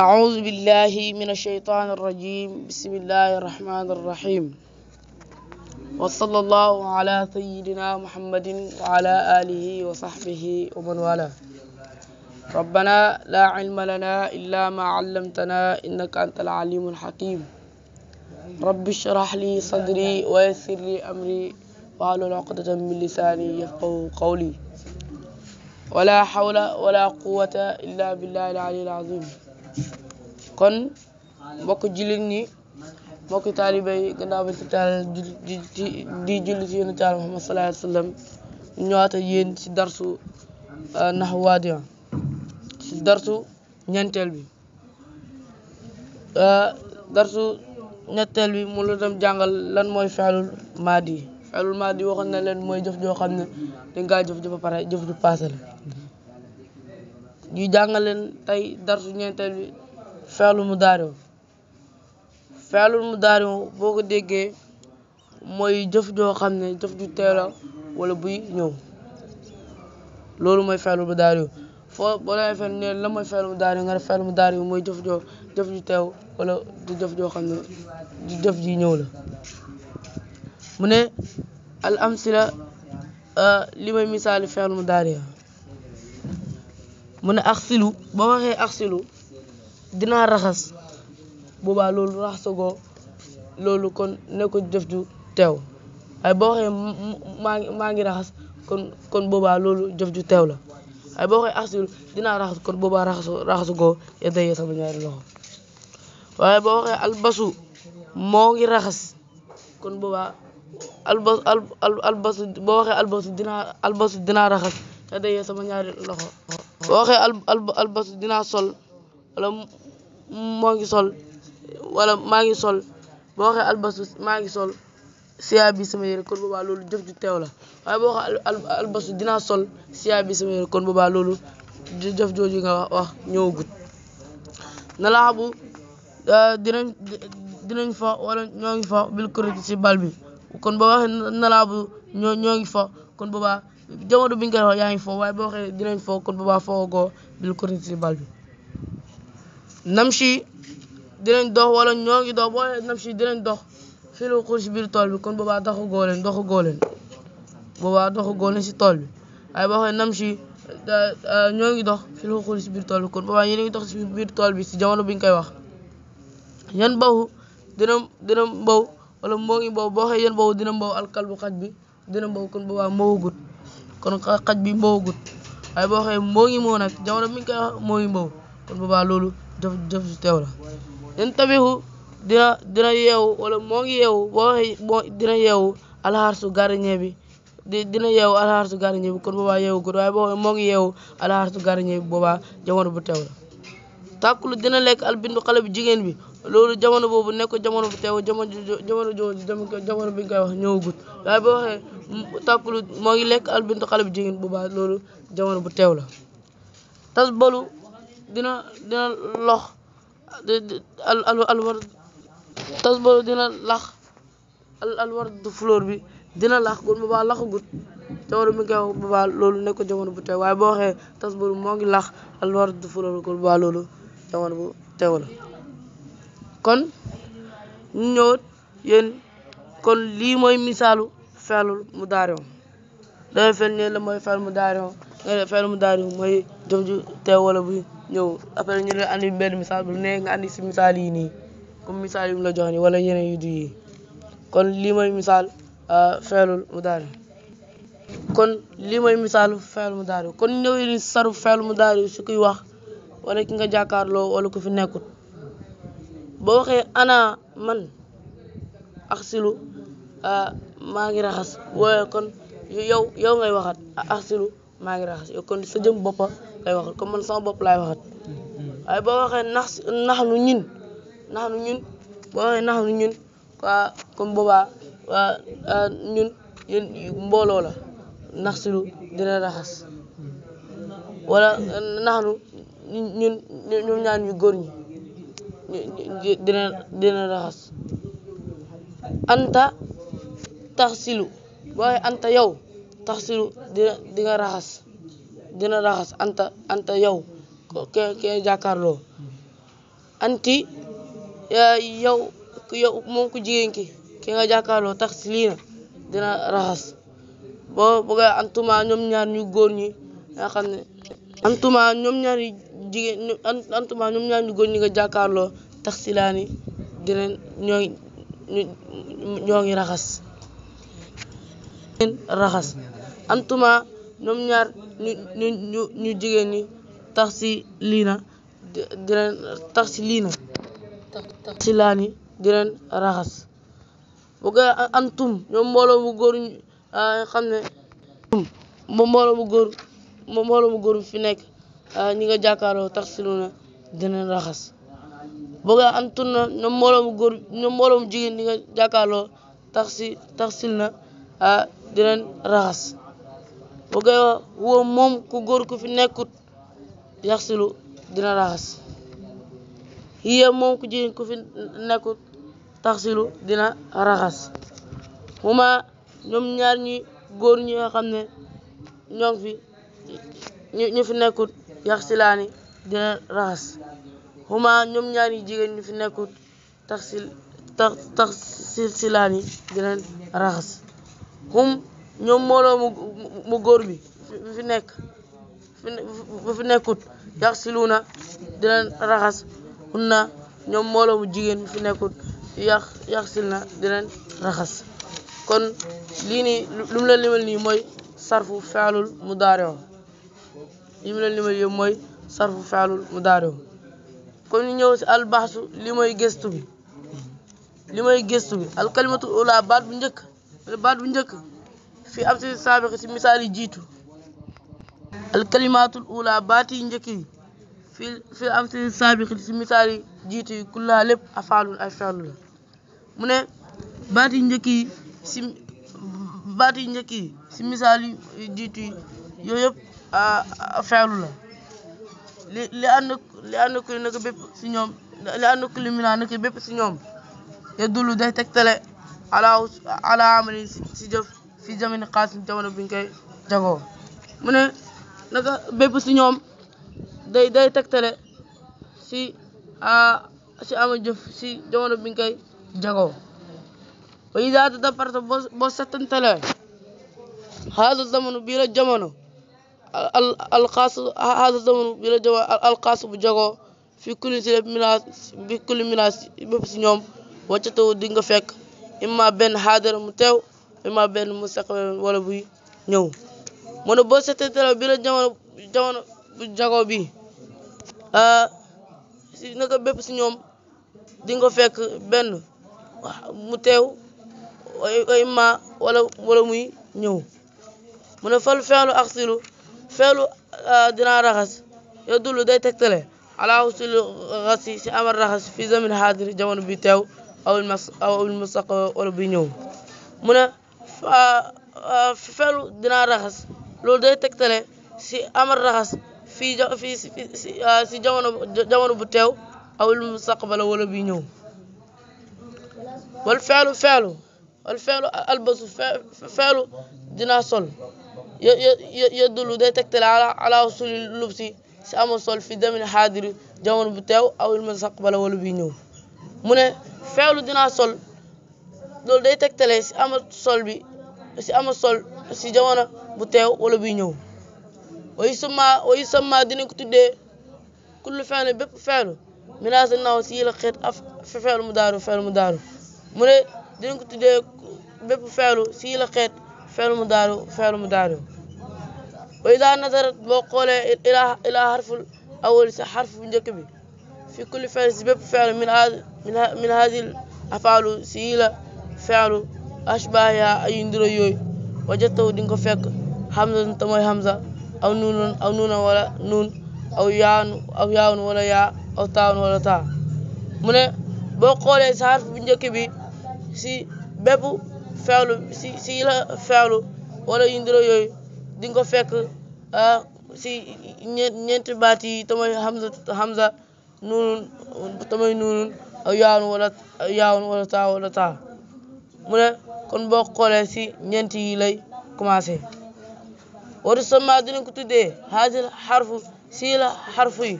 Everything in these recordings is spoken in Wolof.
أعوذ بالله من الشيطان الرجيم بسم الله الرحمن الرحيم وصلى الله على سيدنا محمد وعلى آله وصحبه ومن والاه ربنا لا علم لنا إلا ما علمتنا إنك أنت العليم الحكيم رب اشرح لي صدري ويسر لي أمري واحلل عقدة من لساني يفقه قولي ولا حول ولا قوة إلا بالله العلي العظيم kon mbokk jullit ñi mbokk taalibe yi gannaaw ci taal di julli ci yonent Yàlla Muhammad sallallahu alayhi wa sallam ñëwaat ak yéen ci darsu euh, Nahwu Waadiya ci darsu ñeenteel bi euh, darsu ñetteel bi mu la dem jàngal lan mooy fexlul maadi fexlul maadi waxoon na leen mooy jëf joo xam ne dangaa jëf ju ba pare jëf ju paase la ñu jàngal leen tey darsu ñeenteel bi feelu mu daariw feelu mu daariw boo ko déggee mooy jëf joo xam ne jëf ju teela wala buy ñëw loolu mooy feelu mu daariw foo boo demee fenn ne la mooy feelu mu daariw mooy jëf joo jëf ju teew wala du jëf joo xam ne jëf ji ñëw la mu ne al amsila ah, li may misaali feelu mu daariw mu ne axsilu ba waxee axsilu dinaa raxas boobaa loolu raxasagoo loolu kon nekku ko jëf ju teew ay ba waxee maa ngi raxas kon kon boobaa loolu jëf ju teew la ay ba waxee axsilu dinaa raxas kon boobaa raxasu raxasagoo yeddaye sama ñaari loxo waaye ba waxee albasu moo ngi raxas kon boobaa albasu albasu ba waxee albasu dinaa albasu dinaa raxas te sama ñaari loxo boo waxee al dinaa sol wala moo ngi sol wala maa ngi sol boo waxee albasu maa ngi sol siyaa bi sama yére kon boobaa loolu jëf la waaye dinaa sol siyaa bi sama yére kon boobaa loolu jëf jooju nga wax ñëwagut na laxabu euh, dinañ fo wala ñoo ngi fo bil kurati ci bal bi kon boo waxee na laxabu fo kon boobaa jamono bi ñu wax yaa ngi foofu waaye boo waxee dinañ foo kon boobaa foo goo dil ko si bal bi namshi dinañ dox wala ñoo ngi dox boo namshi dinañ dox filu si biir bi kon boobaa doxu goo leen doxu goo goo leen si tool bi waaye boo waxee ñoo ngi dox filu xur si biir tool bi kon boobaa yéen a ngi dox si biir tool bi si jamono bi ñu koy wax yan bawu dina dina mbow wala moo ngi mbow boo waxee yan bawu dina mbow alkalbu xaj bi dina mbow kon boobaa mbowugut kon xaj bi mbowagut waaye boo xoolee moo ngi moo nag jamono mi ngi koy kon boobaa loolu jëf jëf su teew la in tabixu dina dina wala moo ngi dina yeewu alxarsu gardien bi di dina yeewu alxarsu gardien bi kon boobaa yeewu gut waaye boo xoolee moo ngi yeewu alxarsu gardien bi boobaa bu teew tàkkulu dina lekk bindu xale bu jigéen bi loolu jamono boobu nekk jamono bu teew jamono jamono jamono bi nga koy wax ñëwagut waaye boo moo ngi lekk albindu xale bu jigéen bu baax loolu jamono bu teew la tas balu dina dina lox al alwar tas lax al alwar du fleur bi dina lax gun bu baax laxagut jamono bi nga koy wax bu baax loolu nekk jamono bu teew waaye boo waxee tas balu moo ngi lax alwar du fleur gun bu loolu jamono bu teew kon ñu ñëwat yéen kon lii mooy misaalu feelul mu daarion dafay fel ne mu daarion mu daarion mooy jëf teew wala bu ñëw après ñu ne andi benn misaal bu ne nga andi si misaal yi nii comme misaal yi mu la jox nii wala yeneen yu du yi kon lii mooy misaal euh, feelul mu daarion kon lii mooy misaalu feelu mu daarion kon ñëw yéen saru feelu mu daarion su koy wax wala ki nga jàkkaarloo wala ku fi nekkut boo waxee ana man axsilu maa ngi raxas waaye kon yow yow ngay waxat axsilu maa ngi raxas yow kon sa jëm boppa ngay waxat comme man sama bopp laay waxat waaye boo waxee nax nax nu ñun nax nu ñun boo waxee nax nu ñun quoi comme boobaa ñun yéen mbooloo la naxsilu dina raxas wala naxnu ñun ñoom ñaar ñu góor ñi dina raxas anta taxsilu boo waxee anta yow taxsilu dina di nga raxas dina raxas anta anta yow ke ke jàkkaarloo anti yow yow moom ku jigéen ki ki nga jàkkaarloo taxsilina dina raxas boo bëggee antuma ñoom ñaar yu góor ñi nga xam ñaar jigéen antuma ñoom ñaar ñu góor ñi ga jàkkaarloo tax silaani dineen ñoo ñoo ngi raxas raxas antuma ñoom ñaar ñu ñu ñu jigéen ñi tax si liina dineen tax si liina tax silaani dineen raxas bu ko antum ñoom mbooloo mu góor ah, xam ne mbooloo mu mu góor fi nekk ñi ah, nga jàkkaarloo taxsiluuna dinañ raxas booga antunna na mbooloomu góor na mbooloomu jigéen ñi nga na ah, dinañ raxas booga woo moom ku góor ku fi nekkut yaxsilu dina raxas yiye moom ku jigéen ku fi nekkut taxsilu dina raxas huma ñoom ñaar ñi góor ñi nga xam ne ñoo ñu fi nekkut yaxsilaani dina raxas ñoom ñaari jigéen ñu fi nekkut taxsil taxsilsilaani dina raxas hum ñoom mbooloo mu góor bi fi nekk bu fi nekkut yaxsiluuna dina raxas hunna ñoom mbooloo mu jigéen fi nekkut yax yaxsil na dina raxas kon lii nii lu mu la limal nii mooy sarfu faalul mudaare li mu leen limal yëpp mooy sarfu faalul mu daarewu kon ñu ñëw si albaxsu li mooy gëstu bi li mooy gëstu bi alkalimatu ula baat bu njëkk baat bu njëkk fii am si saabiq si misaal yi jiitu alkalimatul ula baat yi njëkk yi fii fii am si saabiq lépp afaalul ay faalu mu ne baat yi njëkk yi si baat njëkk si misaal jiitu yi yooyu yëpp ah, ah, feelu la li li naka bépp si ñoom li ànd ku li mina naka bépp si ñoom day tegtale ala ala si jëf fi jamin xaas ni jamono bi ñu koy jagoo mu ne naka bépp si ñoom day day tegtale si ah, si ama jëf si jamono bi ñu koy jagoo wa ida tadabbarta boo boo settantalee xaala zamanu bii jamono alqaasu hada zaman bi la jamono alqaasu bu jagoo fi kulli si lépp minaas bi kulli minaas bépp si ñoom waccatawu di fekk imma benn xaadara mu teew imma benn mu saqwe wala buy ñëw mu ne boo seetee jamono jamono bu jagoo bi ah, bépp si ñoom di nga fekk benn mu teew imma wala wala muy ñëw mu ne fal feelu ak feelu ah, dinaa raxas yadullu day tegtale alaa usuli xasi si amar raxas fi zamin haadir jamono bi teew aw ilmustaq wala bi ñëw mu ne ah, feelu dinaa raxas loolu day tegtale si amar raxas fii fii ah, si jamono jamono bu teew aw ilmustaqbala wala bi ñëw wal feelu feelu wal feelu albasu feelu dinaa sol yadullu day tegtale ala usuli lubsi si amul sol fi demil xaadiri jamono bu teew awil mustaqbala wala bi ñëw mu ne feelu dinaa sol loolu day tegtale si ama sol bi si ama sol si jamono bu teew wala bi ñëw wayu sama wayu dina ko tuddee kullu feelu bépp feelu minaasa naaw si yila xeet af feelu mu daaru feelu mu daaru mu ne dina ko tuddee bépp feelu si yila xeet feelu mu daaru feelu mu daaru wa ida nazarat boo xoolee ilaa ilaa awal sa xarf bu njëkk bi fi kulli fi'l si bépp fi'l min min haadil si yi la fi'lu ashbaaha ayu ndiro yooyu wajataw di ko fekk hamzatan ta mooy hamza aw nuunan aw nuunan wala nuun aw yaanu wala yaa aw taawun wala taa mu boo xoolee sa xarf bu njëkk bi si bépp fi'lu si si la wala yu yooyu di nga ko fekk ah, si ñeenti baat yi tamay hamza hamza nuunun tamay nuunun aw yaawun wala yaawun wala taa mu ne kon boo xoolee si ñeenti yi lay commencé wari sama dinañ ko tuddee haadal xarfu si la xarfu yi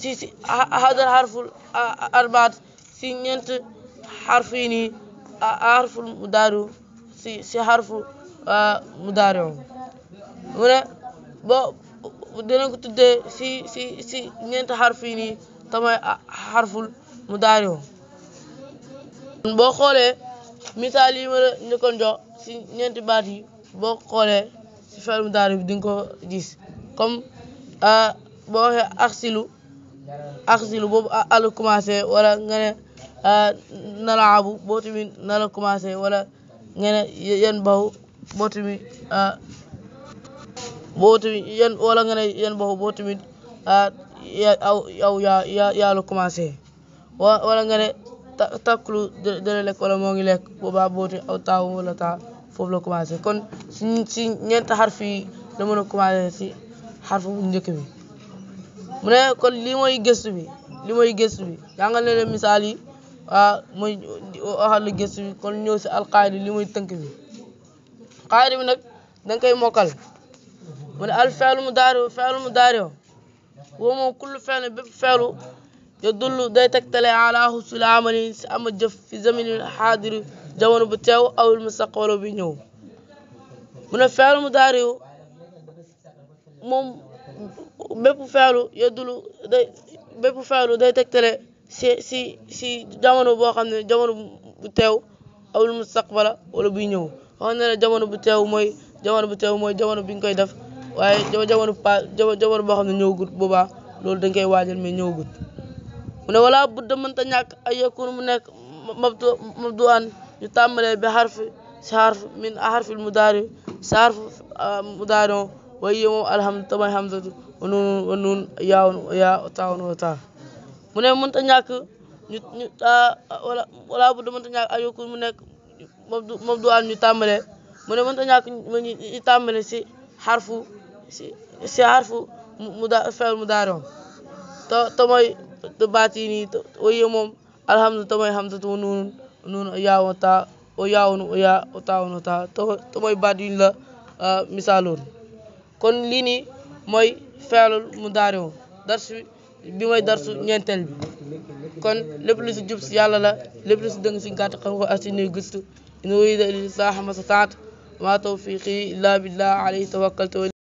si si haadal xarfu arbaat si ñeenti xarfu yi nii xarfu mudaaru si si xarfu mudaaru mu ne ba dinañ ko tuddee si si si ñeenti xarf yi nii tamay xarful mu daari boo xoolee misaal yi ma la njëkkoon jox si ñeenti baat yi boo xoolee si fer mu daari bi di nga ko gis comme boo waxee aksilu aksilu boobu al commencé wala nga ne nalaabu boo tamit nala commencé wala nga ne yan baw boo tamit boo tamit yan wala nga boo tamit ah, ya aw yaa yaa yaa la commencé wala nga takkulu takklu lekk wala moo ngi lekk booba boo aw taaw wala taa foofu la commencé kon si si ñeenti xarf yi la mën a commencé si xarfu njëkk bi mu ne kon lii mooy gëstu bi lii mooy gëstu bi yaa nga leen misaal yi waaw ah, mooy waxal la gëstu bi kon ñëw si alqaayda lii mooy tënk bi qaayda bi nag danga koy mokkal mu ne al feelu mu daari feelu mu daari woo moom kullu feelu bépp feelu yadullu day tegtale ala husuli amali si ama jëf fi zamani xaadiri jamono bu teew awul mustaqbal bi ñëw mu ne feelu mu daari moom bépp feelu yadullu day bépp feelu day tegtale si si si jamono boo xam ne jamono bu teew awul mustaqbala wala buy ñëw wax na ne jamono bu teew mooy jamono bu teew mooy jamono bi ñu koy def waaye jamono pa jamono boo xam ne ñëwagut boobaa loolu dañ koy waajal mais ñëwagut mu nekk mabdu mabdu an ñu tàmbalee mu ne mënta ñàkk ñu ñu wala wala budda ay yakun mu nekk mabdu an ñu tàmbalee mu ne mënta ñàkk ñu tàmbale si xarfu si si harfu muda feel mudaari'am te te mooy baat yi nii waye moom alhamdu te yaa wa taa wa yaa wa yaa wa taa wa la ah, misaaloon kon lii nii mooy feelul mudaari'am darsu bi mooy darsu ñeenteel bi kon lépp lu si jub la lépp lu si dëng ko ak si nuy gëstu in uriida illal ma stata'tu wa billaah alayhi tawakkaltu